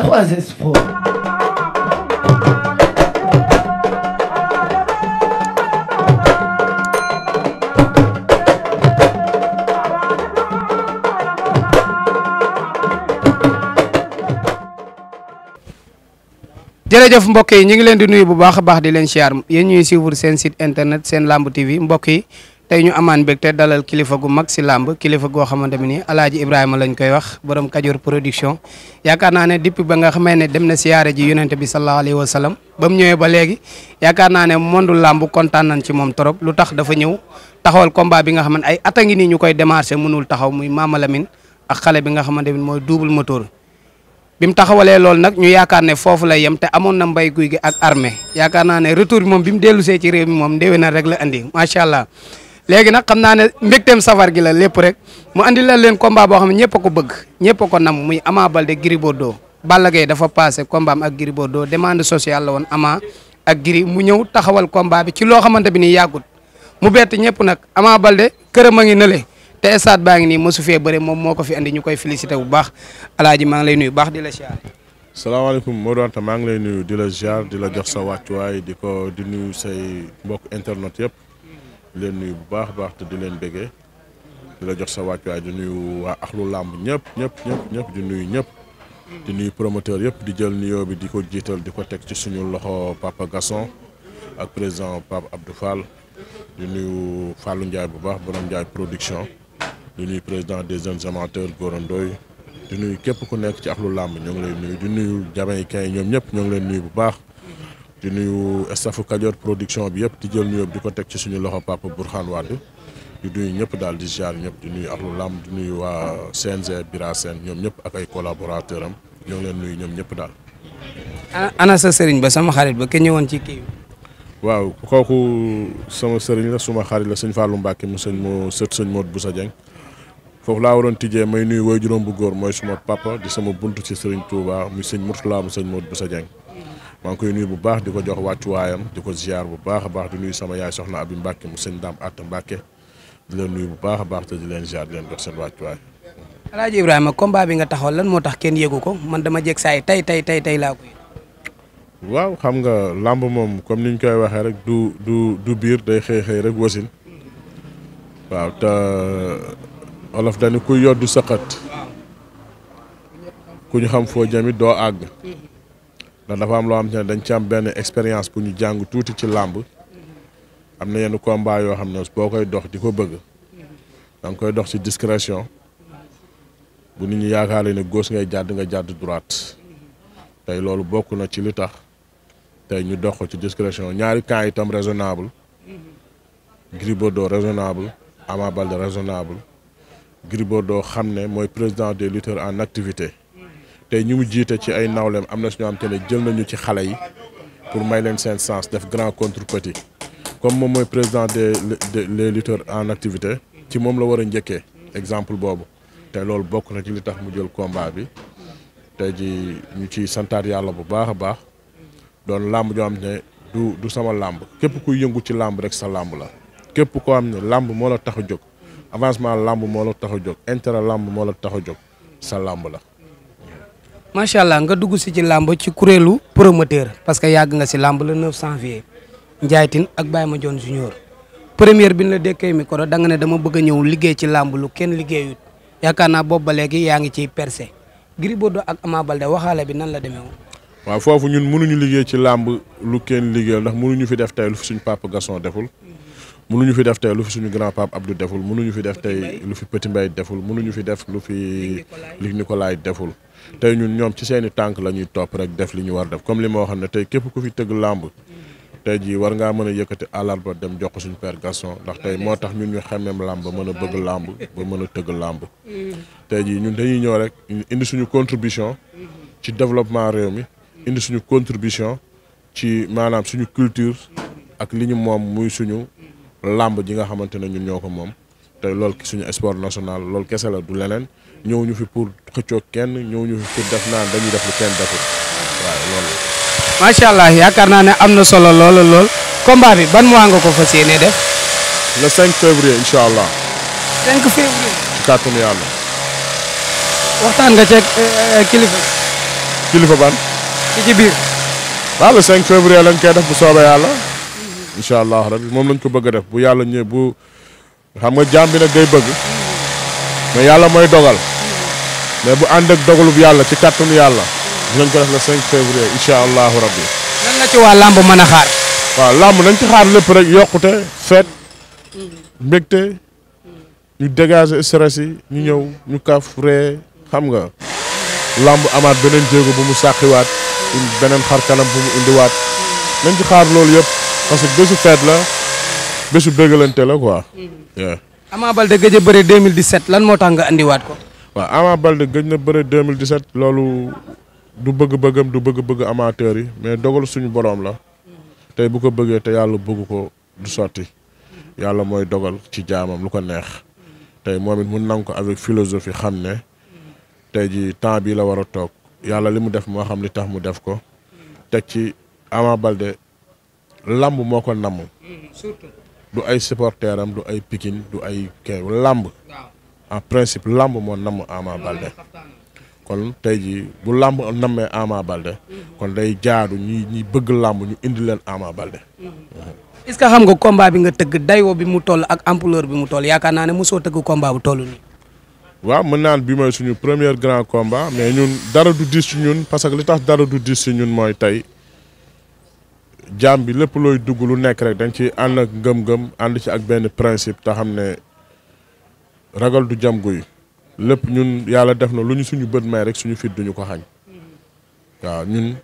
3S Pro. ñu ngi leen di nuyu bu baax baax di leen siyaar yéen ñuy suivre seen site internet seen lamb tv mbokk yi tey ñu amaan mbég te dalal kilifa gu mag si làmb kilifa goo xamante mi nii alaaji Ibrahima lañ koy wax borom Kajoor production yaakaar naa ne depuis ba nga xamee ne dem na siyaare ji yonente bi sallallahu alayhi wa sallam ba mu ñëwee ba léegi yaakaar naa ne mondu làmb kontaan nañ ci moom trop lu tax dafa ñëw taxawal combat bi nga xam ne ay at a ngi nii ñu koy démarché mënul taxaw muy Mama Lamine ak xale bi nga xamante ne mooy double moteur bi mu taxawalee loolu nag ñu yaakaar ne foofu la yem te amoon na mbay guy gi ak armée yaakaar naa ne retour moom bi mu dellusee ci réew mi moom ndéwé na rek la andi macha allah léegi nag xam naa ne mbégteem safar gi la lépp rek mu indi la leen combat boo xam ne ñëpp a ko bëgg ñëpp a ko nam muy Ama Baldé Gris doo Balla Gaye dafa passé combat ak Gris Bordeaux demande sociale la woon Ama ak Gris mu ñëw taxawal combat bi ci loo xamante bi ni yàggut mu bett ñëpp nag Ama Baldé këram a ngi nële te stade baa ngi nii mosu fee bëre moom moo ko fi indi ñu koy félicité bu baax alaaj maa ngi lay nuyu baax di la siyaar salaamaaleykum Modou Anta maa ngi lay nuyu di la ziar di la jox sa wàccuwaay di ko di nuyu say mbokk internet yëpp leen nuyu bu baax baax te di leen béggee di la jox sa wàccuwaay di nuyu waa axlu làmb ñëpp ñëpp ñëpp di nuyu ñëpp di nuyu promoteur yëpp di jël nuyoo bi di ko jiital di ko teg ci suñu loxo Papa Gasson ak président Pape Abdou Fall di nuyu Fallou Ndiaye bu baax borom Ndiaye production di nuyu président des jeunes amateurs Gorondoy di nuyu képp ku nekk ci axlu làmb ñoo ngi lay nuyu di nuyu jamaïcain ñoom ñëpp ñoo ngi leen nuyu bu baax di nuyu staffu Kajoor production bi yëpp di jël nuyoo di ko teg ci suñu loxo papa Bourkhane Wade di nuyu ñëpp daal di ziar ñëpp di nuyu ahlu lamb di nuyu waa CNG Bira Sène ñoom ñëpp ak ay collaborateur am ñoo leen nuyu ñoom ñëpp daal. Ah, ana sa sëriñ ba sama xarit ba ke ñëwoon ci kii waaw kooku sama sëriñ la suma xarit la sëñ Fallou Mbacke mu sëñ moo sët sëñ bu sa Dieng foofu laa waroon tijjee may nuyu woy juróom bu góor mooy suma papa sama buntu ci sëriñ Touba muy sëñ Mourtala mu sëñ Modou Boussa Dieng maa ngi koy nuyu bu baax di ko jox wàccuwaayam di ko ziar bu baax a baax di nuyu sama yaay soxna Abi Mbacke mu seen Dame Atta Mbacke di leen nuyu bu baax a baax te di leen ziar di leen jox seen wàccuwaay. Alaaji Ibrahima combat bi nga taxawal lan moo tax kenn yëgu ko man dama jeg saay tey tey tey tey laa koy. waaw xam nga làmb moom comme ni ñu koy waxee rek du du du biir day xëy xëy rek wasin waaw te euh, olof dañu kuy yoddu saqat ku xam foo jamit doo àgg. ndax dafa am loo xam ne dañ ci am benn expérience bu ñu jàng tuuti ci làmb am na yenn combat yoo xam ne boo koy dox di ko bëgg da nga koy dox ci discrétion bu nit ñi yaakaaree ne gauche ngay jàdd nga jàdd droite tey loolu bokk na ci li tax tey ñu dox ko ci discrétion ñaari camp itam raisonnable Gris Bordeaux raisonnable Ama Baldé raisonnable Gris Bordeaux xam ne mooy président des lutteurs en activité tey ñu mu jiite ci ay nawleem am na suñu am te ne jël nañu ci xale yi pour may leen seen sens def grand contre comme moom mooy président des les en activité ci moom la war a njëkkee exemple boobu te loolu bokk na ci li tax mu jël combat bi tey ji ñu ciy santaat yàlla bu baax a baax doon làmb joo am ne du du sama làmb képp kuy yëngu ci làmb rek sa làmb la képp koo am ne làmb moo la tax a jóg avancement làmb moo la tax a jóg intérêt làmb moo la tax a jóg sa làmb la macha allah nga dugg si ci làmb ci kuréelu promoteur parce que yàgg nga si làmb le 9 janvier Ndiaye Tine ak Baye Mandione Junior première bi ñu la dekkee micro da nga ne dama bëgg a ñëw liggéey ci làmb lu kenn liggéeyut yaakaar naa boobu ba léegi yaa ngi ciy percé Gris Bordeaux ak Ama Baldé waxaale bi nan la demee woon. waaw foofu ñun mënuñu liggéey ci làmb lu kenn liggéeyul ndax ñu fi def tey lu fi suñu papa Gaston deful. ñu fi def tey lu fi suñu grand pape Abdou deful ñu fi def tey lu fi Petit Mbaye deful mënuñu fi def lu fi Luc Nicolaï deful. tey ñun ñoom ci seen i tànk la ñuy topp rek def li ñu war def comme li moo xam ne tey képp ku fi tëgg làmb tey jii war ngaa mën a yëkkati àllarba dem jox suñu père Gaston ndax tey moo tax ñun ñu xemmeem làmb ba mën a bëgg làmb ba mën a tëgg làmb tey jii ñun dañuy ñëw rek indi suñu contribution ci développement réew mi indi suñu contribution ci maanaam suñu culture ak li ñu moom muy suñu làmb ji nga xamante ne ñun ñoo ko moom tey loolu suñu sport national loolu kese la du leneen ñëw ñu fi pour xëccoo kenn ñëw ñu fi pour def naan dañuy def lu kenn deful waaw loolu macha allah yaakaar naa ne am na solo lool lool combat bi ban waa nga ko fas yéenee def. le 5 février incha allah. 5 février. ci yàlla. waxtaan nga ceeg eh, eh, kilifa. kilifa ban. ci ci biir. waaw le février lañ koy def bu soobee yàlla. incha allah rek moom lañ ko bëgg a def bu yàlla ñëw bu xam nga jàmm bi nag day bëgg. mais yàlla mooy dogal mais bu ànd ak dogalub yàlla ci kàttanu yàlla nañ ko def le 5 février incha allahu rabbi. lan la ci waa làmb mën a xaar. waaw làmb nañ ci xaar lépp rek yokkute feet mbégte ñu dégager stress ñu ñëw ñu kaf ree xam nga. làmb amaat beneen jéego bu mu sàqiwaat beneen xar kanam bu mu indiwaat nañ ci xaar loolu yëpp parce que bésu feet la bésu bégalante la quoi. Ama Baldé gëj a bëre 2017 lan moo tax nga andiwaat ko. waaw Ama Baldé gëj na bëre 2017 loolu du bëgg-bëggam du bëgg-bëgg amateur yi mais dogal suñu boroom la tey bu ko bëggee te yàlla bëgg ko du sotti yàlla mooy dogal ci jaamam lu ko neex tey moom it mun na ko avec philosophie xam ne tey ji temps bii la war a toog yàlla li mu def moo xam li tax mu def ko teg ci Ama Baldé lamb moo ko namm mm, du ay supporter am du ay pikin du ay kay làmb en principe làmb moo namm Ama Baldé kon tey jii bu làmb nammee Ama Baldé mhm. kon day jaadu ñi ñi bëgg làmb ñu indi leen Ama Baldé. Mhm. est-ce que xam nga combat bi nga tëgg dayoo bi mu toll ak ampleur bi mu toll yaakaar naa ne mosoo tëgg combat bu toll nii. waaw mën naan bi mooy suñu premier grand combat mais ñun dara du diis ci ñun parce que li tax dara du diis ci ñun mooy tey. jaam bi lépp looy dugg lu nekk rek dañ ci ànd ak ngëm-ngëm ànd ci ak benn principe te xam ne ragal du jam guy lépp ñun yàlla def na lu ñu suñu bët may rek suñu fit duñu ko xañ waaw ñun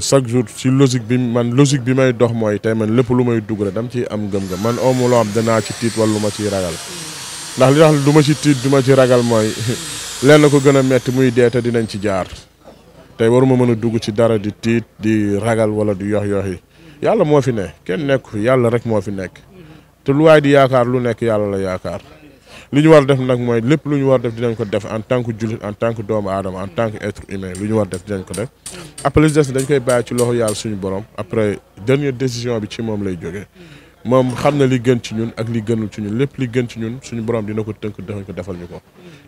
chaque jour ci logique bi man logique bi may dox mooy tey man lépp lu may dugg rek dama ciy am ngëm-ngëm man amu am danaa ci tiit wala lu ma ciy ragal ndax li tax du ma ci tiit du ma ci ragal mooy leen na ko gën a metti muy dee dinañ ci jaar tey waruma mën a dugg ci dara di tiit di ragal wala di yox yox yi yàlla moo fi ne kenn nekku yàlla rek moo fi nekk te lu waay di yaakaar lu nekk yàlla la yaakaar li ñu war def nag mooy lépp lu ñu war def dinañ ko def en tant que en tant doomu aadama en tant que être humain ñu war def dinañ ko def après li des dañ koy bàyyi ci loxo yàlla suñu borom après dernière décision bi ci moom lay jógee moom xam na li gën ci ñun ak li gënul ci ñun lépp li gën ci ñun suñu borom dina ko tënk defañ ko defal ñu ko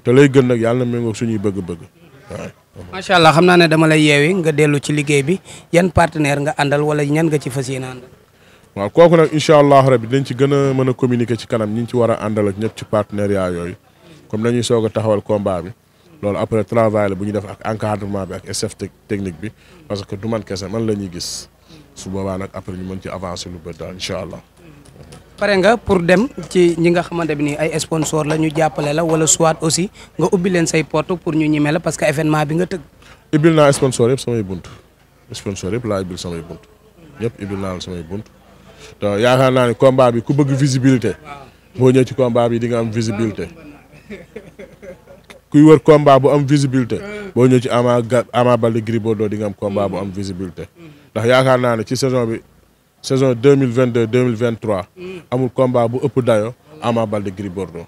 te lay gën nag yàlla na suñuy bëgg-bëgg macha allah xam naa ne dama lay yeewi nga dellu ci liggéey bi yan partenaire nga àndal wala ñan nga ci fas yéene àndal. waaw kooku nag incha allah rabi dinañ ci gën a mën a communiquer ci kanam ñu ñu ci war a àndal ak ñëpp ci partenariat yooyu comme dañuy soog a taxawal combat bi loolu après travail la bu ñu def ak encadrement bi ak SF technique bi parce que du man kese man la ñuy gis su boobaa nag après ñu mën ci avancer lu bëri daal incha allah. pare nga pour dem ci ñi nga xamante bi ni ay sponsor la ñu jàppale la wala soit aussi nga ubbi leen say pot pour ñu ñime la parce que événement bi nga tëgg. ubbil naa sponsor yëpp samay bunt sponsor yëpp laa ubbil samay bunt ñëpp ubbil naa la samay bunt te yaakaar naa ne combat bi ku bëgg visibilité boo ñëw ci combat bi di nga am visibilité kuy wër combat bu am visibilité boo ñëw ci Ama Ama Baldé Gris Bordeaux di nga am combat bu am visibilité mm. ndax saison deux mille vingt deux deux mille mm. amul combat bu ëpp dayo Ama bal Gris Bordeaux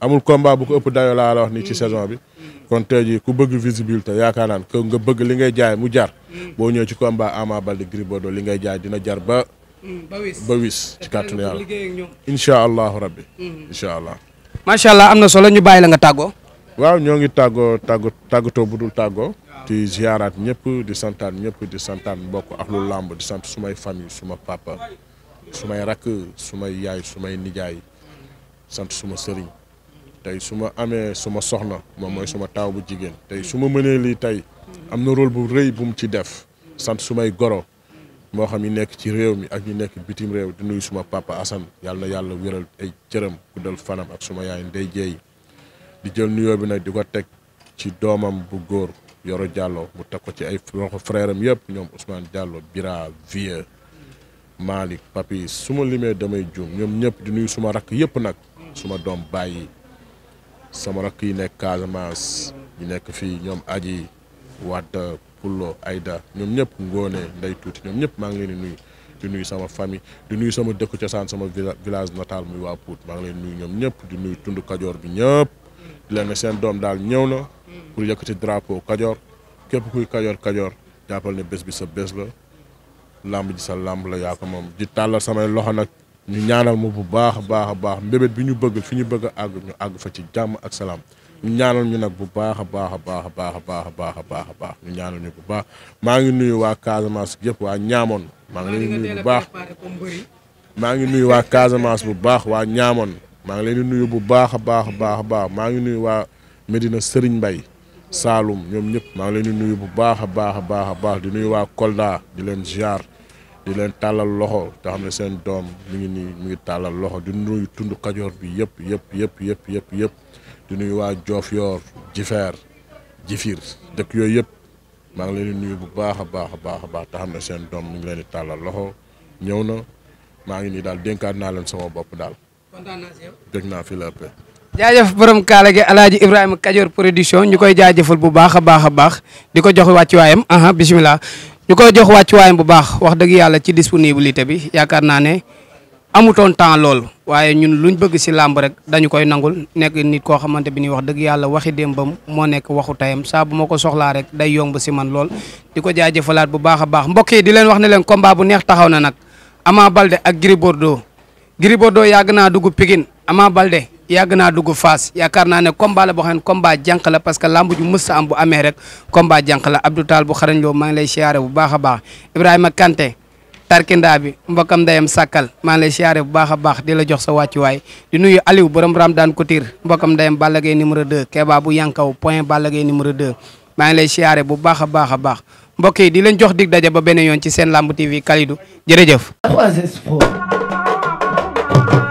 amul combat bu ko ëpp dayo laa la wax ni ci mm. saison bi mm. kon tey jii ku bëgg visibilité yaakaar naan que nga bëgg li ngay jaay mu jar boo ñëwee ci combat Ama bal Gris Bordeaux li ngay jaay dina jar ba ba wis ci kàttanu yàlla incha allahu rabbi incha allah macha allah am na solo ñu bàyyi la nga tàggoo waaw ñoo ngi tàggoo tàgg tàggatoo bu dul tàggoo di ziaraat ñëpp di santaan ñëpp di santaan mbokk ak lu làmb di sant sumay famille suma papa sumay rakk sumay yaay sumay nijaay sant suma sëriñ tey su ma amee suma soxna moom mooy suma taaw bu jigéen tey su ma mënee lii tey am na rôle bu rëy bu mu ci def sant sumay goro moo xam ñu nekk ci réew mi ak ñu nekk bitim réew du nuyu suma papa Assane yàlla yàlla wéral ay cëram guddal fanam ak suma yaay ndey jeey di jël nuyoo bi nag di ko teg ci doomam bu góor Yoro jàlloo mu teg ko ci ay loxo frère am yëpp ñoom Ousmane Diallo Bira Vieux Malick Papi su limee damay juum ñoom ñëpp di nuyu suma rakk yëpp nag suma doom bàyyi sama rakk yi nekk Casamance ñu nekk fii ñoom aji Wade Pullo Aida ñoom ñëpp Ngone Ndey Tuuti ñoom ñëpp maa ngi leen di nuyu di nuyu sama famille di nuy sama dëkku cosaan sama village natal muy waa Pout maa ngi leen nuyu ñoom ñëpp di nuyu tund Kajoor bi ñëpp di leen seen doom daal ñëw na pour ci drapeau Kajoor képp kuy Kajoor Kajoor jàppal ne bés bi sa bés la làmb ji sa làmb la yaa ko moom di tàllal samay loxo nag ñu ñaanal mu bu baax a baax a baax mbébét bi ñu bëgg fi ñu bëgg a àgg ñu àgg fa ci jàmm ak salaam ñu ñaanal ñu nag bu baax a baax a baax baax a baax a baax a baax a baax ñu ñaanal ñu bu baax maa ngi nuyu waa Casamance yëpp waa ñaamoon maa ngi nuyu bu baax maa ngi nuyu waa Casamance bu baax waa ñaamoon maa ngi leen nuyu bu baax a baax a baax a baax maa ngi nuyu waa Medina Serigne mbay Saloum ñoom ñëpp maa ngi leen di nuyu bu baax a baax a baax a baax di nuyu waa Kolda di leen ziar di leen tàllal loxo te xam ne seen doom mu ngi nii mi tàllal loxo di nuyu tund kajoor bi yëpp yëpp yëpp yëpp yëpp yëpp di nuyu waa Diofior Jifeer Jifir dëkk yooyu yëpp maa ngi leen di nuyu bu baax a baax a baax a baax te xam ne seen doom mi ngi leen di tàllal loxo ñëw na maa ngi nii daal dénkaat naa leen sama bopp daal. dégg naa fi la jaajëf borom kaala gi El Hadj Ibrahima Kajoor production ñu koy jaajëfal bu baax a baax a baax di ko jox wàccuwaayam aha bisimilah ñu koy jox wàccuwaayam bu baax wax dëgg yàlla ci disponibilité bi yaakaar naa ne amutoon temps lool waaye ñun lu ñu bëgg si làmb rek dañu koy nangul nekk nit koo xamante bi ni wax dëgg yàlla waxi démbam moo nekk waxu tayam saa bu ma ko soxlaa rek day yomb si man lool. di ko jëfalaat bu baax a baax mbokk yi di leen wax ne leen combat bu neex taxaw na nag Ama Baldé ak Gris Bordeaux Gris Bordeaux yàgg naa dugg Pikine Ama Baldé naa dugg Fass yaakaar naa ne combat la boo xam ne combat jànq la parce que lamb ju mës a am bu amee rek combat jànq la Abdou Tall bu xarañ loo maa ngi lay siyaare bu baax a baax Ibrahima Kanté tarkindaa bi mbokam ndayam sàkkal maa ngi lay siyaare bu baax a baax di la jox sa wàccuwaay di nuyu Aliou borom Ramdan Couture mbokam ndayam Balla Gaye numéro 2 Keba bu Yankaw point Balla Gaye numéro 2 maa ngi lay siyaare bu baax a baax a baax mbokk yi di leen jox dig daje ba beneen yoon ci seen lamb TV Kalidou jërëjëf Thank you.